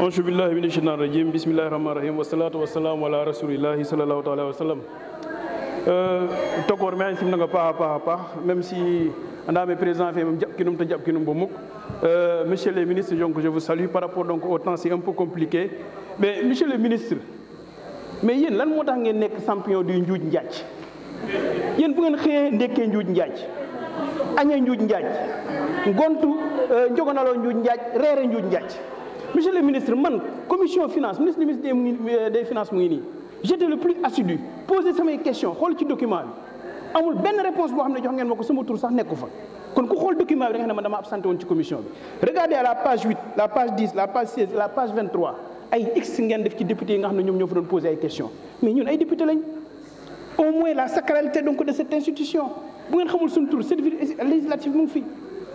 auzu billahi mina shaytaani rajim bismillahi rahmaani rahim wasalaatu wasalaamu ala rasulillahi salallahu taala wa sallam euh, tokor me an simnanga paaxa paaxa paax même si andame président fe moom jaɓkinum to jaɓkinum bo muk euh, monsieur le ministre donc je vous salue par rapport donc autant c'est un peu compliqué mais monsieur le ministre mais yéen lan moo tax ngeen nekk champion du njuuj njaaj yéen bu ngeen xëyee ndekkee njuuj njaaj añee njuuj njaaj ngontu euh, njogonaloo njuuj njaaj reere njuuj njaaj monsieur le ministre man commission finance ministre ministre des euh, finances j'étais le plus assidu poser samay questions xool ci document amul benn réponse boo réponse. ne jox ngeen ma sama tour sax nekku fa kon ku xool document bi nga xam man dama absenté won ci commission bi regardez à la page 8 la page 10 la page 16 la page 23 ay x ngeen def ci député nga xam ñom ñofu doon poser ay questions mais ñun ay député lañ au moins la sacralité donc de cette institution bu ngeen xamul suñu tour cette législatif mu ngi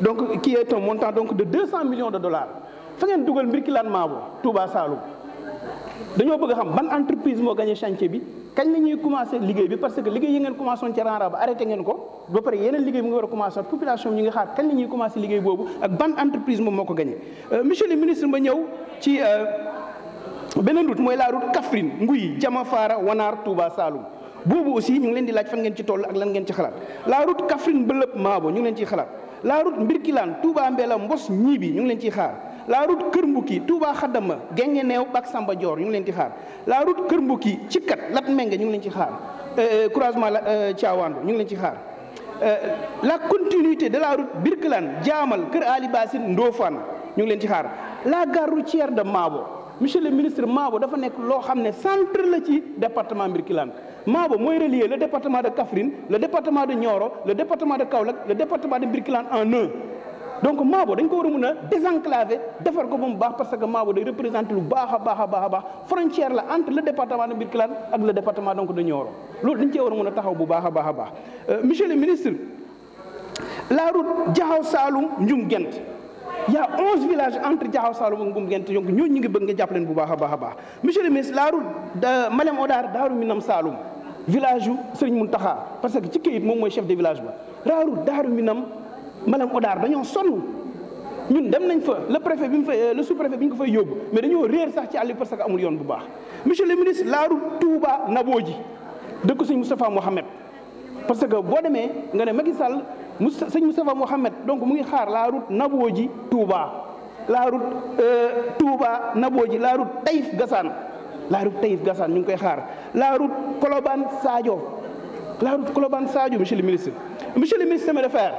donc qui est un montant donc de 200 millions de dollars fa ngeen dugal Birkilane Mabo Touba Saloum Dañu bëgg xam ban entreprise mo gagné chantier bi kañ la ñuy commencé liggéey bi parce que liguey yi ngeen commencé ci ca Rara ba arrêté ngeen ko ba paré yeneen liguey mu ngi wara commencer population ñi ñu ngi xaar kañ la ñuy commencé liggéey boobu ak ban entreprise mo moko ko Euh, monsieur le ministre ma ñëw ci euh, benen route moy la route Kaffrine Nguy Diamafara Wanar, Touba Saloum Bobu aussi ñu ngi leen di laaj fa ngeen ci toll ak lan ngeen ci xalaat la route Kaffrine Mbëlëb Mabo ñu ngi leen ci xalaat. la route Mbirkilaan Touba Mbella Mbos Ñiibi ñu ngi leen ciy xaar la route Kër Mbuki Touba Xadama Genge Neew Bak sambajoor Joor ñu ngi leen ci xaar la route Kër Mbuki Cikkat Lat Menge ñu ngi leen ci xaar euh, euh, croisement la euh, Thiawando ñu ngi leen ci xaar la continuité de la route Jaamal Kër Ali Bassine ñu ngi leen ci xaar la gare routière de Mabo monsieur le ministre Mabo dafa nekk loo xam ne centre la ci département Birkelane Maabo mooy relier le département de Kaffrine le département de Nioro le département de Kaolack le département de Birkelane en un donc Maabo dañ ko war a mun a désenclaver defar ko ba mu baax parce que Maabo day représenter lu baax a baax baax a baax frontière la entre le département de Birkelane ak le département donc de Nioro loolu dañ cee war a mun a taxaw bu baax a baax a baax euh, monsieur le ministre la route Diakhao Saloum Ndioum gent y' a onze villages entre Diakhao Saloum ak Mboumgente Yonk ñooñu ñu ngi bëgg nga jàpp leen bu baax a baax a baax monsieur le ministre laaru Malem Odar Daaru Minam Saloum village yu Serigne Mountakha parce que ci këyit moom mooy chef de village ba raaru Daaru Minam Malem Odar dañoo sonn ñun dem nañ fa le préfet bi mu fa le sous préfet bi ñu ko fay yóbbu mais dañoo réer sax ci àll parce que amul yoon bu baax monsieur le ministre laaru Touba Nabooji dëkk Serigne Moustapha Mohamed parce que boo demee nga ne Macky Sall Moussa sëñ Moustapha Mohamed donc mu ngi xaar la route Nabooji Touba la route euh, Touba Nabooji la route Taïf Gassane la route Taïf Gassane ñu ngi koy xaar la route Colobane Sadio la route Colobane Sadio monsieur le ministre. monsieur le ministre chemin de fer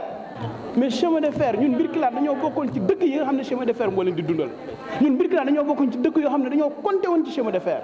mais chemin de fer ñun Birkelane dañoo bokkoon ci dëkk yi xam ne chemin de fer moo di dundal ñun Birkelane dañoo bokkoon ci dëkk yoo xam ne dañoo compté woon ci chemin de fer.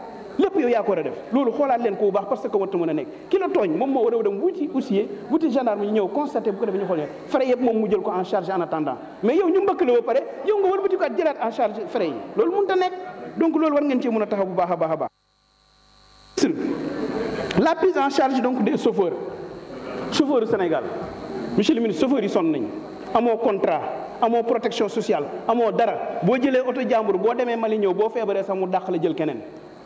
lépp yow yaa ko war a def loolu xoolaat leen ko bu baax parce que warta mën a nekk ki la tooñ moom moo war a dem wuti huissier wuti gendarme ñu ñëw constaté bu ko defee ñu xool ne frais yëpp moom mu jël ko en charge en attendant mais yow ko at jëlaat en charge frais yi loolu a nekk donc a a baax a la prise en charge donc des chauffeurs chauffeurs Sénégal monsieur le ministre chauffeurs yi nañ amoo contrat amoo protection sociale amoo dara boo jëlee oto jàmbur boo demee Mali ñëw boo feebaree sax mu dàq la jël keneen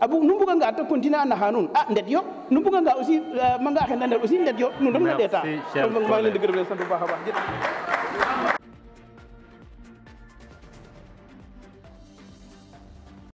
abu nu mbuga nga ta continuer a naxa nuun a ah, ndet yo nu mbuga nga aussi euh, manga a xena nder aussi ndet yo nu ndom na ndeta kon maa ngi leen di gërëm sant bu a